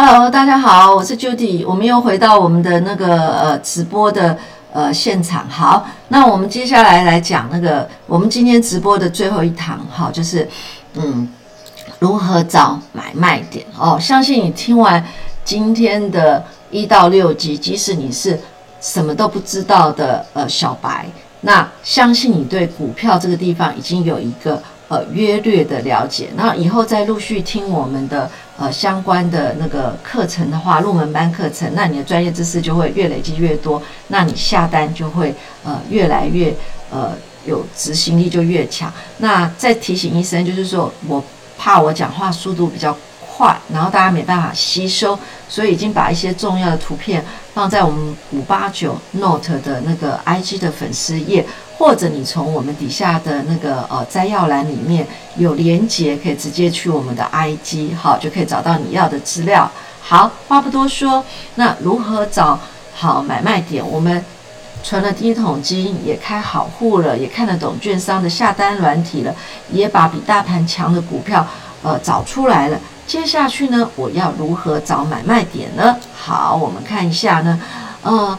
Hello，大家好，我是 Judy，我們又回到我們的那個呃直播的呃現場。好，那我們接下來來講那個我們今天直播的最後一堂，好、哦，就是嗯，如何找買賣點哦。相信你聽完今天的一到六集，即使你是什麼都不知道的呃小白，那相信你對股票這個地方已經有一個。呃，約略的了解，那以後再陸續聽我們的呃相關的那個課程的話，入門班課程，那你的專業知識就會越累積越多，那你下單就會呃越來越呃有執行力就越強。那再提醒一聲，就是說我怕我講話速度比較快，然後大家沒辦法吸收，所以已經把一些重要的圖片放在我們五八九 Note 的那個 IG 的粉絲頁。或者你從我們底下的那個呃摘要欄裡面有連結，可以直接去我們的 IG，好，就可以找到你要的資料。好，話不多說，那如何找好買賣點？我們存了第一桶金，也開好戶了，也看得懂券商的下單軟體了，也把比大盤強的股票呃找出來了。接下去呢，我要如何找買賣點呢？好，我們看一下呢，呃。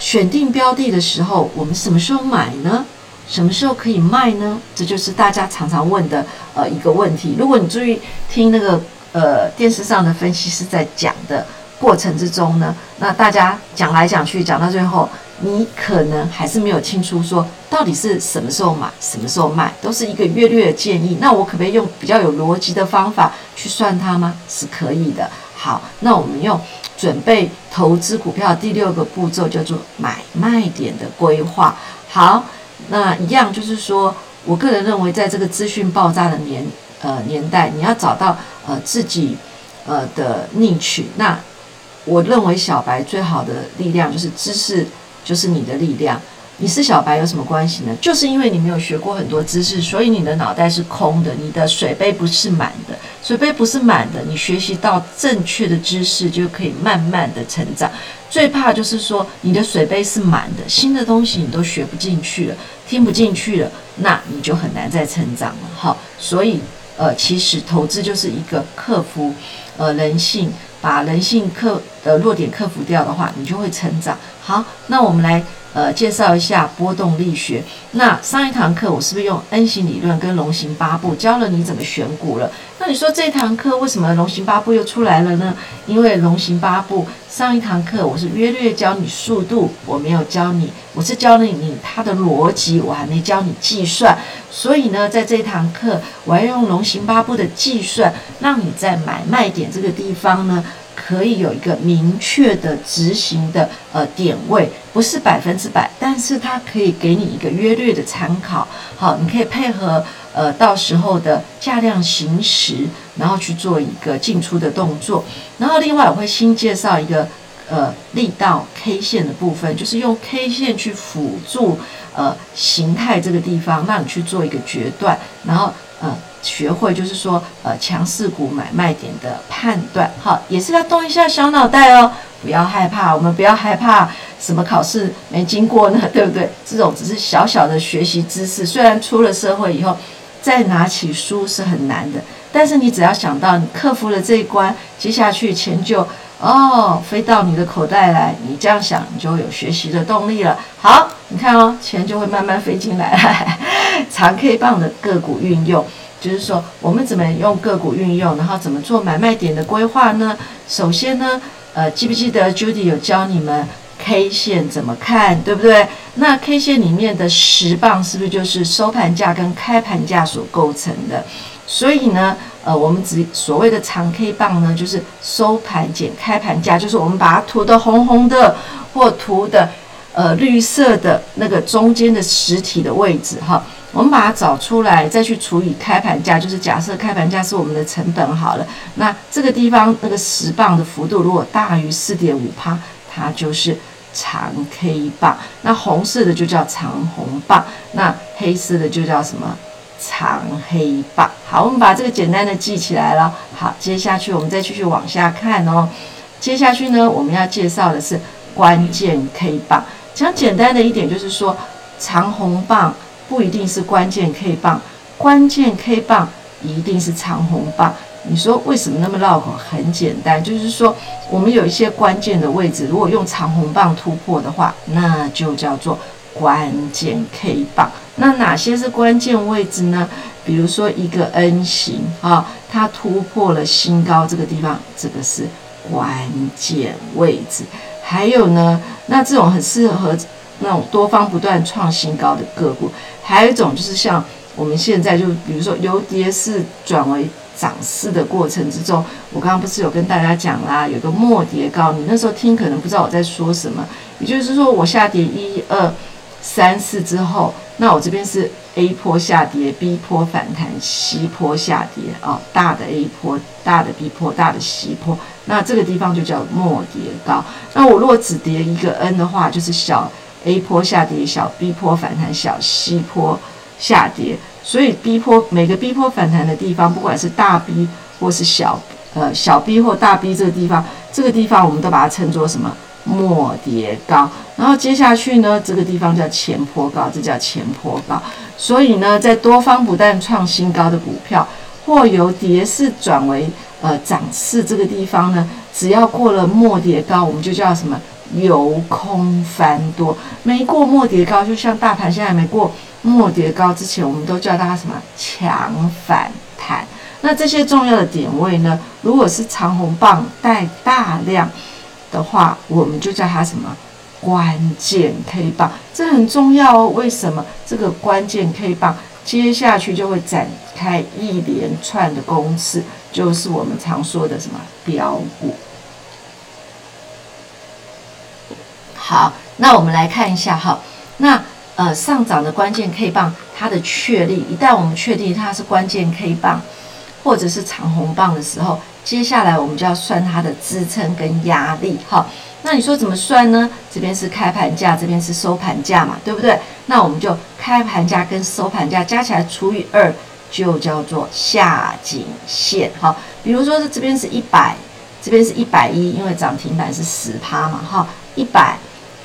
選定標的的時候，我們什麼時候買呢？什麼時候可以賣呢？這就是大家常常問的呃一個問題。如果你注意聽那個呃電視上的分析師在講的過程之中呢，那大家講來講去講到最後，你可能還是沒有清楚說到底是什麼時候買，什麼時候賣，都是一個略略的建議。那我可不可以用比較有邏輯的方法去算它嗎？是可以的。好，那我們用準備投資股票第六個步驟叫做買賣點的規劃。好，那一樣就是說，我個人認為，在這個資訊爆炸的年呃年代，你要找到呃自己呃的逆取。那我認為小白最好的力量就是知識，就是你的力量。你是小白有什麼關係呢？就是因為你沒有學過很多知識，所以你的腦袋是空的，你的水杯不是滿的。水杯不是滿的，你學習到正確的知識就可以慢慢的成長。最怕就是說你的水杯是滿的，新的東西你都學不進去了，聽不進去了，那你就很難再成長了。好，所以呃，其實投資就是一個克服呃人性，把人性克的弱點克服掉的話，你就會成長。好，那我們來。呃，介紹一下波動力學。那上一堂課我是不是用 N 型理論跟龍形八步教了你怎麼選股了？那你說這堂課為什麼龍形八步又出來了呢？因為龍形八步上一堂課我是約略教你速度，我沒有教你，我是教了你它的邏輯，我還沒教你計算。所以呢，在這堂課我要用龍形八步的計算，讓你在買賣點這個地方呢。可以有一個明確的執行的呃點位，不是百分之百，但是它可以給你一個約略的參考。好，你可以配合呃到時候的價量行駛，然後去做一個進出的動作。然後另外我會新介紹一個呃力道 K 線的部分，就是用 K 線去輔助呃形態這個地方，讓你去做一個決斷。然後呃。學會就是說，呃，強勢股買賣點的判斷，好，也是要動一下小腦袋哦。不要害怕，我們不要害怕，什麼考試沒經過呢，對不對？這種只是小小的學習知識，雖然出了社會以後，再拿起書是很難的，但是你只要想到你克服了這一關，接下去錢就哦飛到你的口袋來，你這樣想，你就有學習的動力了。好，你看哦，錢就會慢慢飛進來，呵呵，長 K 棒的個股運用。就是說，我們怎麼用個股運用，然後怎麼做買賣點的規劃呢？首先呢，呃，記不記得 Judy 有教你們 K 線怎麼看，對不對？那 K 線裡面的實棒是不是就是收盤價跟開盤價所構成的？所以呢，呃，我們只所謂的長 K 棒呢，就是收盤減開盤價，就是我們把它塗得紅紅的，或塗得呃綠色的那個中間的實體的位置，哈。我們把它找出來，再去除以開盤價，就是假設開盤價是我們的成本好了。那這個地方那個十磅的幅度如果大於四點五趴，它就是長 K 棒。那紅色的就叫長紅棒，那黑色的就叫什麼？長黑棒。好，我們把這個簡單的記起來了。好，接下去我們再繼續往下看哦。接下去呢，我們要介紹的是關鍵 K 棒。講簡單的一點就是說，長紅棒不一定是關鍵 K 棒，關鍵 K 棒一定是長紅棒。你說為什麼那麼繞口？很簡單，就是說我們有一些關鍵的位置，如果用長紅棒突破的話，那就叫做關鍵 K 棒。那哪些是關鍵位置呢？比如說一個 N 型啊，它、哦、突破了新高這個地方，這個是關鍵位置。還有呢，那這種很適合。那種多方不斷創新高的個股，還有一種就是像我們現在就比如說由跌勢轉為漲勢的過程之中，我剛剛不是有跟大家講啦，有個末跌高，你那時候聽可能不知道我在說什麼，也就是說我下跌一二三四之後，那我這邊是 A 波下跌，B 波反彈，C 波下跌啊、哦，大的 A 波，大的 B 波，大的 C 波，那這個地方就叫末跌高。那我若只跌一個 N 的話，就是小。A 波下跌，小 B 波反彈，小 C 波下跌，所以 B 波，每個 B 波反彈的地方，不管是大 B 或是小呃小 B 或大 B 這個地方，這個地方我們都把它稱作什麼？末跌高。然後接下去呢，這個地方叫前波高，這叫前波高。所以呢，在多方不斷創新高的股票，或由跌勢轉為呃漲勢這個地方呢，只要過了末跌高，我們就叫什麼？由空翻多，沒過末跌高，就像大盤現在沒過末跌高之前，我們都叫它什麼？強反彈。那這些重要的點位呢？如果是長紅棒帶大量的話，我們就叫它什麼？關鍵 K 棒，這很重要哦。為什麼？這個關鍵 K 棒接下去就會展開一連串的攻勢，就是我們常說的什麼？飆股。好，那我們來看一下哈，那呃上漲的關鍵 K 棒，它的確立，一旦我們確定它是關鍵 K 棒，或者是長紅棒的時候，接下來我們就要算它的支撐跟壓力哈。那你說怎麼算呢？這邊是開盤價，這邊是收盤價嘛，對不對？那我們就開盤價跟收盤價加起來除以二，就叫做下頸線哈。比如說這邊是100，這邊是一百，這邊是一百一，因為漲停板是十趴嘛哈，一百。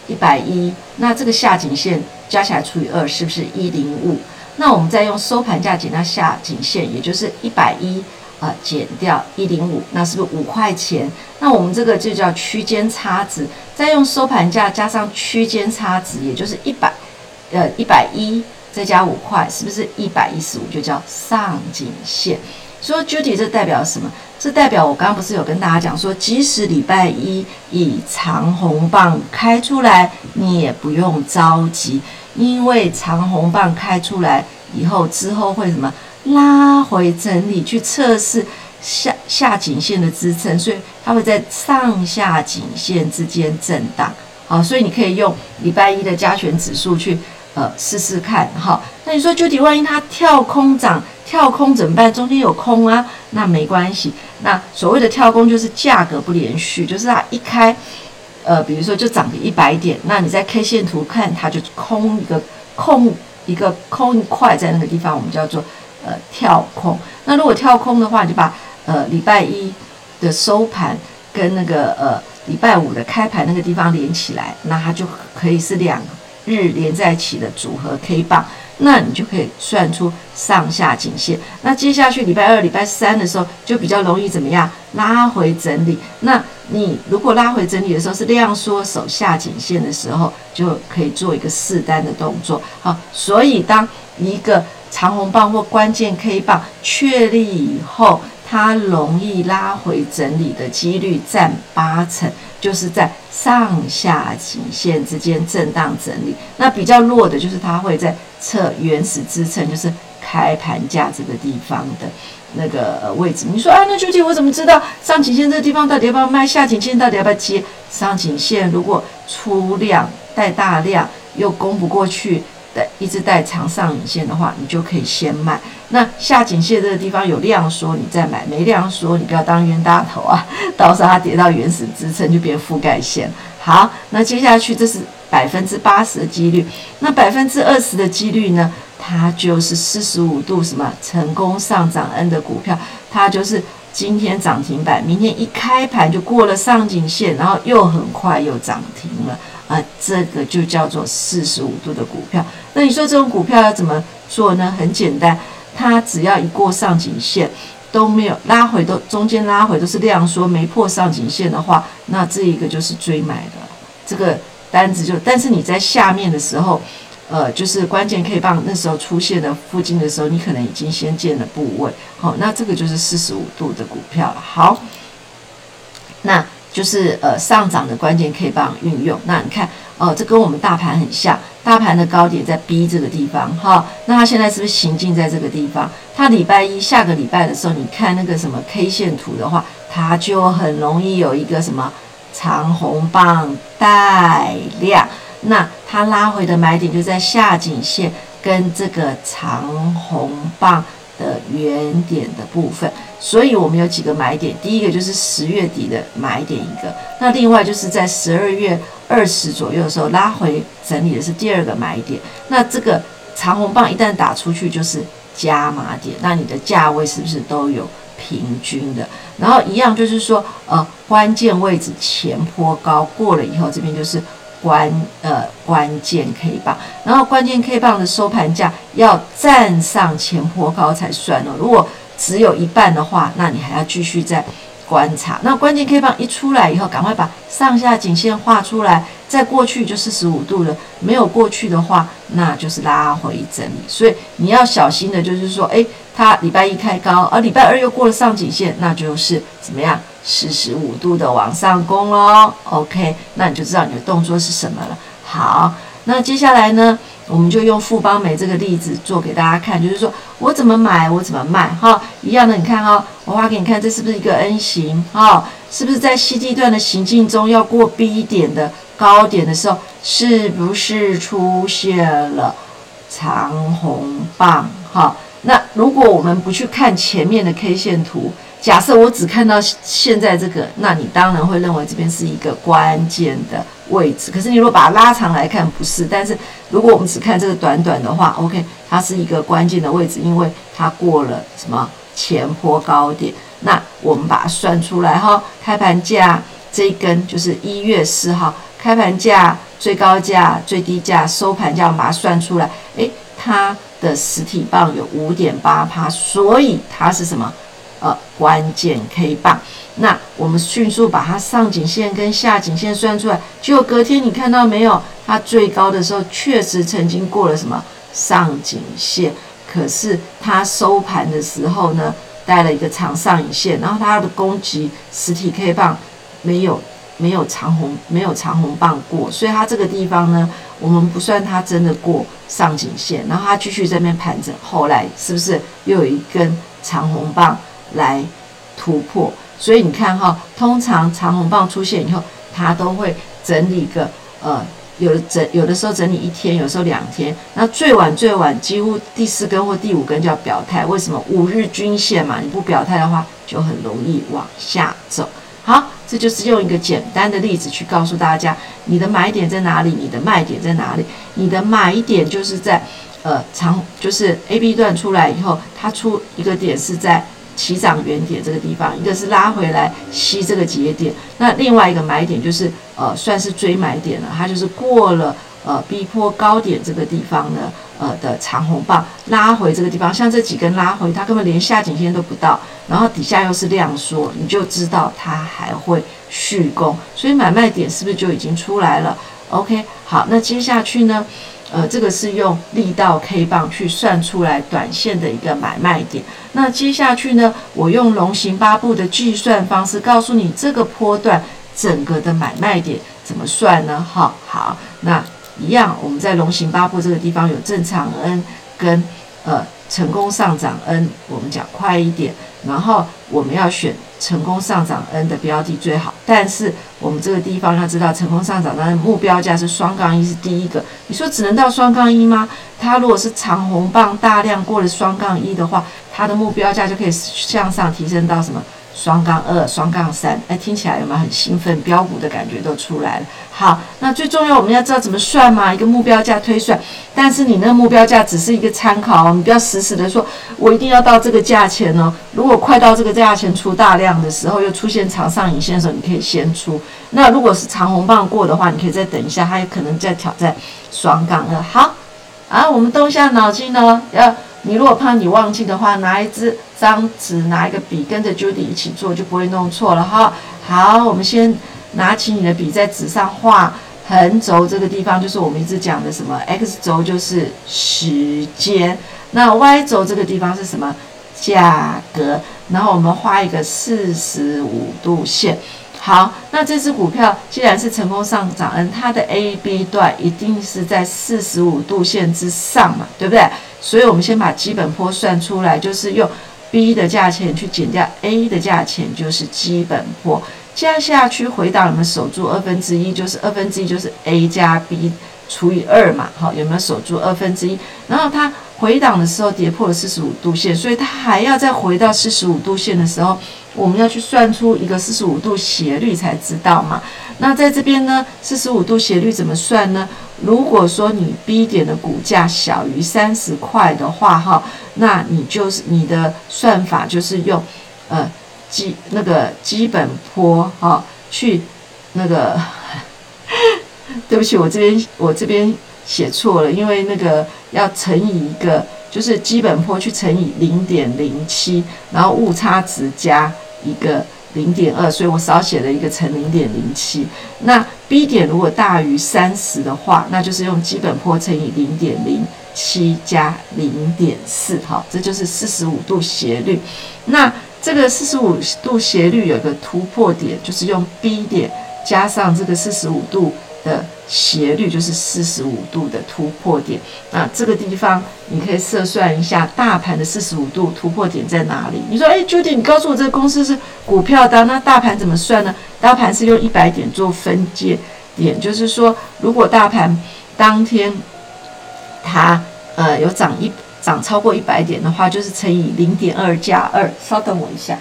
一百一，110，那這個下頸線加起來除以二是不是一零五？那我們再用收盤價減掉下頸線，也就是一百一，呃，減掉一零五，那是不是五塊錢？那我們這個就叫區間差值。再用收盤價加上區間差值，也就是一百，呃，一百一，再加五塊，是不是一百一十五？就叫上頸線。所以具體這代表什麼？這代表我剛剛不是有跟大家講說，即使禮拜一以長紅棒開出來，你也不用着急，因為長紅棒開出來以後之後會什麼拉回整理，去測試下下頸線的支撐，所以它會在上下頸線之間震盪。好，所以你可以用禮拜一的加權指數去。呃，試試看，好。那你說究竟，萬一它跳空漲，跳空怎麼辦？中間有空啊，那沒關係。那所謂的跳空就是價格不連續，就是它一開，呃，比如說就漲個一百點，那你在 K 線圖看，它就空一個空一個，空一個，空一塊在那個地方，我們叫做呃跳空。那如果跳空的話，你就把呃禮拜一的收盤跟那個呃禮拜五的開盤那個地方連起來，那它就可以是兩個。日連在一起的組合 K 棒，那你就可以算出上下頸線。那接下去禮拜二、禮拜三的時候，就比較容易怎麼樣拉回整理。那你如果拉回整理的時候是量縮手下頸線的時候，就可以做一個試單的動作。好，所以當一個長紅棒或關鍵 K 棒確立以後，它容易拉回整理的幾率佔八成。就是在上下頸線之間震盪整理，那比較弱的就是它會在測原始支撐，就是開盤價這個地方的那個位置。你說啊、哎，那究竟我怎麼知道上頸線這個地方到底要不要賣，下頸線到底要不要接？上頸線如果出量帶大量又攻不過去。對一直帶長上影線的話，你就可以先賣。那下頸線這個地方有量，說你再買；沒量，說你不要當冤大頭啊。到時候它跌到原始支撐就變覆蓋線。好，那接下去這是百分之八十的幾率。那百分之二十的幾率呢？它就是四十五度什麼成功上漲 N 的股票，它就是今天漲停板，明天一開盤就過了上頸線，然後又很快又漲停了。啊、呃，這個就叫做四十五度的股票。那你說這種股票要怎麼做呢？很簡單，它只要一過上頸線都沒有拉回都，都中間拉回都是量縮，沒破上頸線的話，那這一個就是追買的這個單子就。但是你在下面的時候，呃，就是關鍵 K 棒那時候出現的附近的時候，你可能已經先建了部位。好、哦，那這個就是四十五度的股票了。好，那。就是呃上漲的關鍵 K 棒運用，那你看哦、呃，這跟我們大盤很像，大盤的高點在 B 這個地方哈、哦，那它現在是不是行進在這個地方？它禮拜一下個禮拜的時候，你看那個什麼 K 線圖的話，它就很容易有一個什麼長紅棒帶量，那它拉回的買點就在下頸線跟這個長紅棒的原點的部分，所以我們有幾個買點，第一個就是十月底的買點一個，那另外就是在十二月二十左右的時候拉回整理的是第二個買點，那這個長紅棒一旦打出去就是加碼點，那你的價位是不是都有平均的？然後一樣就是說，呃，關鍵位置前波高過了以後，這邊就是。關呃關鍵 K 棒，然後關鍵 K 棒的收盤價要站上前波高才算哦。如果只有一半的話，那你還要繼續再觀察。那關鍵 K 棒一出來以後，趕快把上下頸線畫出來，再過去就四十五度了。沒有過去的話，那就是拉回整理。所以你要小心的，就是說，哎，它禮拜一開高，而、啊、禮拜二又過了上頸線，那就是怎麼樣？四十五度的往上攻咯，OK，那你就知道你的動作是什麼了。好，那接下來呢，我們就用富邦媒這個例子做給大家看，就是說我怎麼買，我怎麼賣，哈、哦，一樣的，你看哈、哦，我畫給你看，這是不是一個 N 型，哈、哦，是不是在 CD 段的行進中要過 B 點的高點的時候，是不是出現了長紅棒，哈、哦？那如果我們不去看前面的 K 線圖，假設我只看到現在這個，那你當然會認為這邊是一個關鍵的位置。可是你如果把它拉長來看，不是。但是如果我們只看這個短短的話，OK，它是一個關鍵的位置，因為它過了什麼前波高點。那我們把它算出來哈、哦，開盤價這一根就是一月四號開盤價、最高價、最低價、收盤價，我們把它算出來。誒，它的實體棒有五點八趴，所以它是什麼？呃，關鍵 K 棒，那我們迅速把它上頸線跟下頸線算出來。就隔天你看到沒有？它最高的時候確實曾經過了什麼上頸線，可是它收盤的時候呢，帶了一個長上影線，然後它的攻擊實體 K 棒沒有沒有長紅沒有長紅棒過，所以它這個地方呢，我們不算它真的過上頸線，然後它繼續這邊盤着，後來是不是又有一根長紅棒？來突破，所以你看哈、哦，通常長紅棒出現以後，它都會整理一個呃，有的整有的時候整理一天，有的時候兩天，那最晚最晚幾乎第四根或第五根就要表態。為什麼？五日均線嘛，你不表態的話，就很容易往下走。好，這就是用一個簡單的例子去告訴大家，你的買點在哪裡，你的賣點在哪裡？你的買點就是在呃長，就是 A B 段出來以後，它出一個點是在。起漲原點這個地方，一個是拉回來吸這個節點，那另外一個買點就是呃算是追買點了，它就是過了呃逼迫高點這個地方呢，呃的長紅棒拉回這個地方，像這幾根拉回，它根本連下頸線都不到，然後底下又是量縮，你就知道它還會續攻，所以買賣點是不是就已經出來了？OK，好，那接下去呢？呃，這個是用力道 K 棒去算出來短線的一個買賣點。那接下去呢，我用龍形八步的計算方式告訴你這個波段整個的買賣點怎麼算呢？好、哦、好，那一樣，我們在龍形八步這個地方有正常 N 跟呃成功上漲 N，我們講快一點，然後我們要選。成功上漲 N 的標的最好，但是我們這個地方要知道，成功上漲，它的目標價是雙槓一，是第一個。你說只能到雙槓一嗎？它如果是長紅棒大量過了雙槓一的話，它的目標價就可以向上提升到什麼？雙槓二，雙槓三，哎、欸，聽起來有沒有很興奮？飆股的感覺都出來了。好，那最重要我們要知道怎麼算嘛？一個目標價推算，但是你那個目標價只是一個參考哦，你不要死死的說，我一定要到這個價錢哦。如果快到這個價錢出大量的時候，又出現長上影線的時候，你可以先出。那如果是長紅棒過的話，你可以再等一下，它有可能再挑戰雙槓二。好，啊，我們動一下腦筋哦。要你如果怕你忘記的話，拿一支。張紙，拿一個筆，跟着 Judy 一起做，就不會弄錯了哈。好，我們先拿起你的筆，在紙上畫橫軸這個地方，就是我們一直講的什麼 X 軸，就是時間。那 Y 軸這個地方是什麼？價格。然後我們畫一個四十五度線。好，那這只股票既然是成功上漲，嗯，它的 A B 段一定是在四十五度線之上嘛，對不對？所以，我們先把基本坡算出來，就是用。B 的價錢去減掉 A 的價錢，就是基本破。接下去回檔，有沒有守住二分之一？2, 就是二分之一就是 A 加 B 除以二嘛。好，有沒有守住二分之一？然後它回檔的時候跌破了四十五度線，所以它還要再回到四十五度線的時候，我們要去算出一個四十五度斜率才知道嘛。那在這邊呢，四十五度斜率怎麼算呢？如果說你 B 點的股價小於三十塊的話，哈，那你就是你的算法就是用，呃基那個基本坡哈、哦、去那個， 對不起，我這邊我這邊寫錯了，因為那個要乘以一個，就是基本坡去乘以零點零七，然後誤差值加一個。零點二，所以我少寫了一個乘零點零七。那 B 點如果大於三十的話，那就是用基本坡乘以零點零七加零點四，好，這就是四十五度斜率。那這個四十五度斜率有個突破點，就是用 B 點加上這個四十五度的。斜率，就是四十五度的突破點。那這個地方你可以測算一下大盤的四十五度突破點在哪裡。你說，哎，Judy，你告訴我這個公司是股票的，那大盤怎麼算呢？大盤是用一百點做分界點，就是說，如果大盤當天它呃有漲一漲超過一百點的話，就是乘以零點二加二。稍等我一下。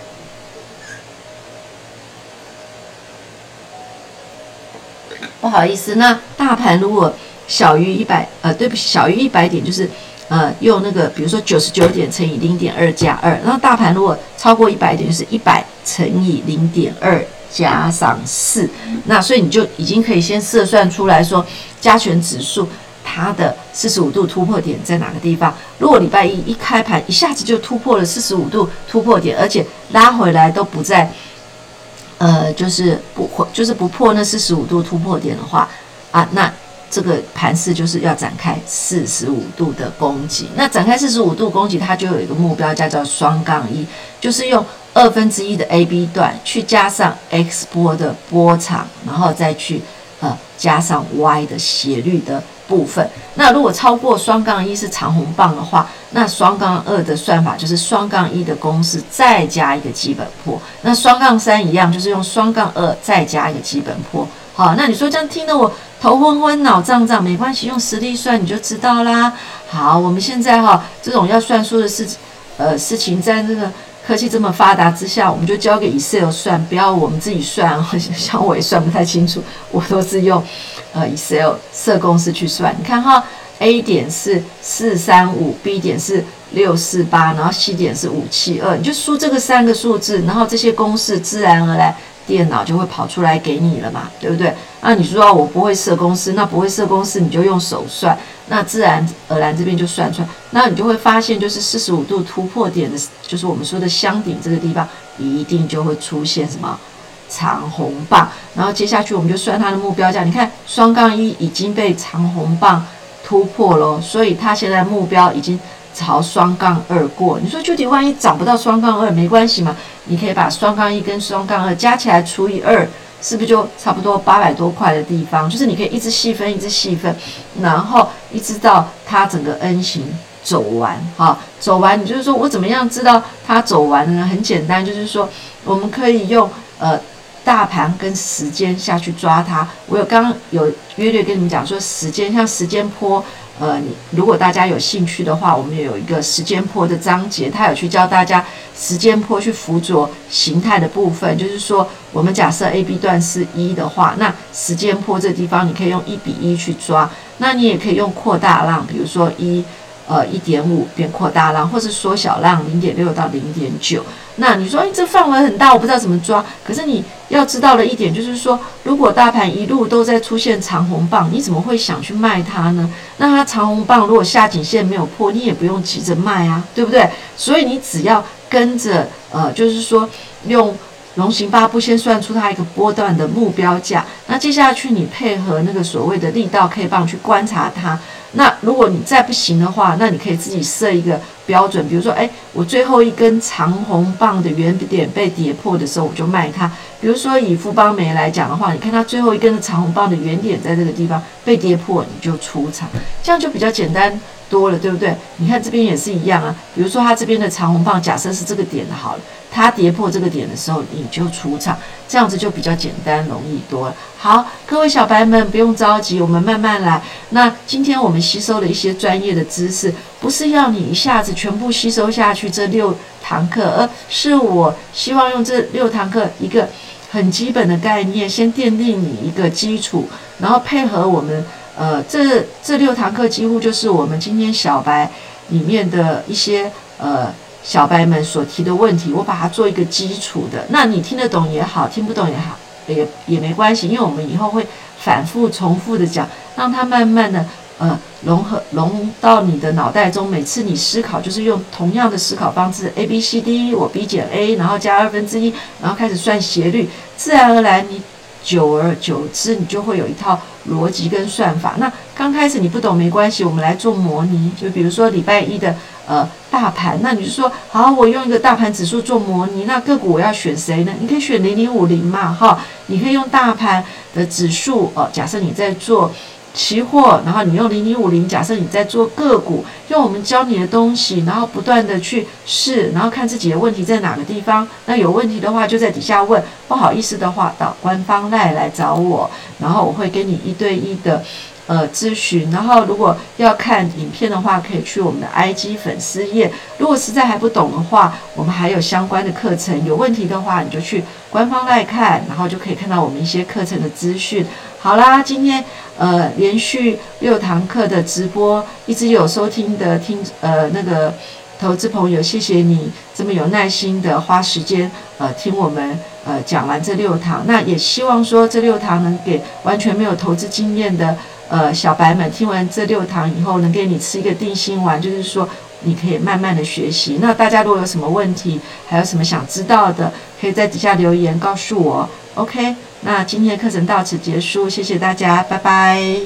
不好意思，那大盤如果小於一百，呃，對不起，小於一百點就是，呃，用那個，比如說九十九點乘以零點二加二。那大盤如果超過一百點，就是一百乘以零點二加上四。那所以你就已經可以先測算出來說，加權指數它的四十五度突破點在哪個地方。如果禮拜一一開盤一下子就突破了四十五度突破點，而且拉回來都不在。呃，就是不破，就是不破那四十五度突破點的話，啊，那這個盤勢就是要展開四十五度的攻擊。那展開四十五度攻擊，它就有一個目標，叫做雙槓一，1，就是用二分之一的 A B 段去加上 X 波的波長，然後再去呃加上 Y 的斜率的部分，那如果超過雙槓一是長紅棒的話，那雙槓二的算法就是雙槓一的公式再加一個基本波。那雙槓三一樣，就是用雙槓二再加一個基本波。好，那你說這樣聽得我頭昏昏腦脹脹，沒關係，用實力算你就知道啦。好，我們現在哈這種要算數的事，呃事情，呃、事情在那、這個。科技這麼發達之下，我們就交給 Excel 算，不要我們自己算啊、哦。像我也算不太清楚，我都是用呃 Excel 設公式去算。你看哈，A 點是四三五，B 點是六四八，然後 C 點是五七二，你就輸這個三個數字，然後這些公式自然而然電腦就會跑出來給你了嘛，對不對？那、啊、你知道我不會設公式，那不會設公式你就用手算，那自然而然這邊就算出來，那你就會發現就是四十五度突破點的，就是我們說的箱頂這個地方，一定就會出現什麼長紅棒，然後接下去我們就算它的目標價。你看雙槓一已經被長紅棒突破咯，所以它現在目標已經朝雙槓二過。你說究竟萬一漲不到雙槓二沒關係嘛？你可以把雙槓一跟雙槓二加起來除以二。是不是就差不多八百多塊的地方？就是你可以一直細分，一直細分，然後一直到它整個 N 型走完，好、啊，走完。你就是說我怎麼樣知道它走完了呢？很簡單，就是說我們可以用呃大盤跟時間下去抓它。我有剛剛有約略跟你們講說時，時間像時間波。呃，你如果大家有興趣的話，我們也有一個時間坡的章節，它有去教大家時間坡去輔佐形態的部分。就是說，我們假設 A B 段是一的話，那時間坡這地方你可以用一比一去抓，那你也可以用擴大浪，比如說一。呃，一點五變擴大浪，或是縮小浪，零點六到零點九。那你說，哎、欸，這範圍很大，我不知道怎麼抓。可是你要知道的一點，就是說，如果大盤一路都在出現長紅棒，你怎麼會想去賣它呢？那它長紅棒如果下頸線沒有破，你也不用急着賣啊，對不對？所以你只要跟着，呃，就是說，用龍形八步先算出它一個波段的目標價，那接下去你配合那個所謂的力道 K 棒去觀察它。那如果你再不行的話，那你可以自己設一個標準，比如說，哎，我最後一根長紅棒的原點被跌破的時候，我就賣它。比如說以富邦媒來講的話，你看它最後一根長紅棒的原點在這個地方被跌破，你就出場，這樣就比較簡單。多了，對不對？你看這邊也是一樣啊。比如說它這邊的長紅棒，假設是這個點好了，它跌破這個點的時候，你就出場，這樣子就比較簡單容易多了。好，各位小白們不用着急，我們慢慢來。那今天我們吸收了一些專業的知識，不是要你一下子全部吸收下去這六堂課，而是我希望用這六堂課一個很基本的概念，先奠定你一個基礎，然後配合我們。呃，這這六堂課幾乎就是我們今天小白裡面的一些呃小白們所提的問題，我把它做一個基礎的。那你聽得懂也好，聽不懂也好，也也沒關係，因為我們以後會反復重複的講，讓它慢慢的呃融合融到你的腦袋中。每次你思考就是用同樣的思考方式，A B C D，我 B 減 A，然後加二分之一，然後開始算斜率，自然而然你。久而久之，你就會有一套邏輯跟算法。那剛開始你不懂沒關係，我們來做模擬。就比如說禮拜一的呃大盤，那你就說好，我用一個大盤指數做模擬。那個股我要選誰呢？你可以選零零五零嘛，哈，你可以用大盤的指數哦，呃，假設你在做。期貨，然後你用零零五零，假設你在做個股，用我們教你的東西，然後不斷的去試，然後看自己的問題在哪個地方。那有問題的話就在底下問，不好意思的話到官方賴來找我，然後我會跟你一對一的。呃，諮詢，然後如果要看影片的話，可以去我們的 IG 粉絲頁。如果實在還不懂的話，我們還有相關的課程。有問題的話，你就去官方來看，然後就可以看到我們一些課程的資訊。好啦，今天呃連續六堂課的直播，一直有收聽的聽呃那個投資朋友，謝謝你這麼有耐心的花時間呃聽我們呃講完這六堂。那也希望說這六堂能給完全沒有投資經驗的。呃，小白們聽完這六堂以後，能給你吃一個定心丸，就是說你可以慢慢的學習。那大家如果有什麼問題，還有什麼想知道的，可以在底下留言告訴我。OK，那今天的課程到此結束，謝謝大家，拜拜。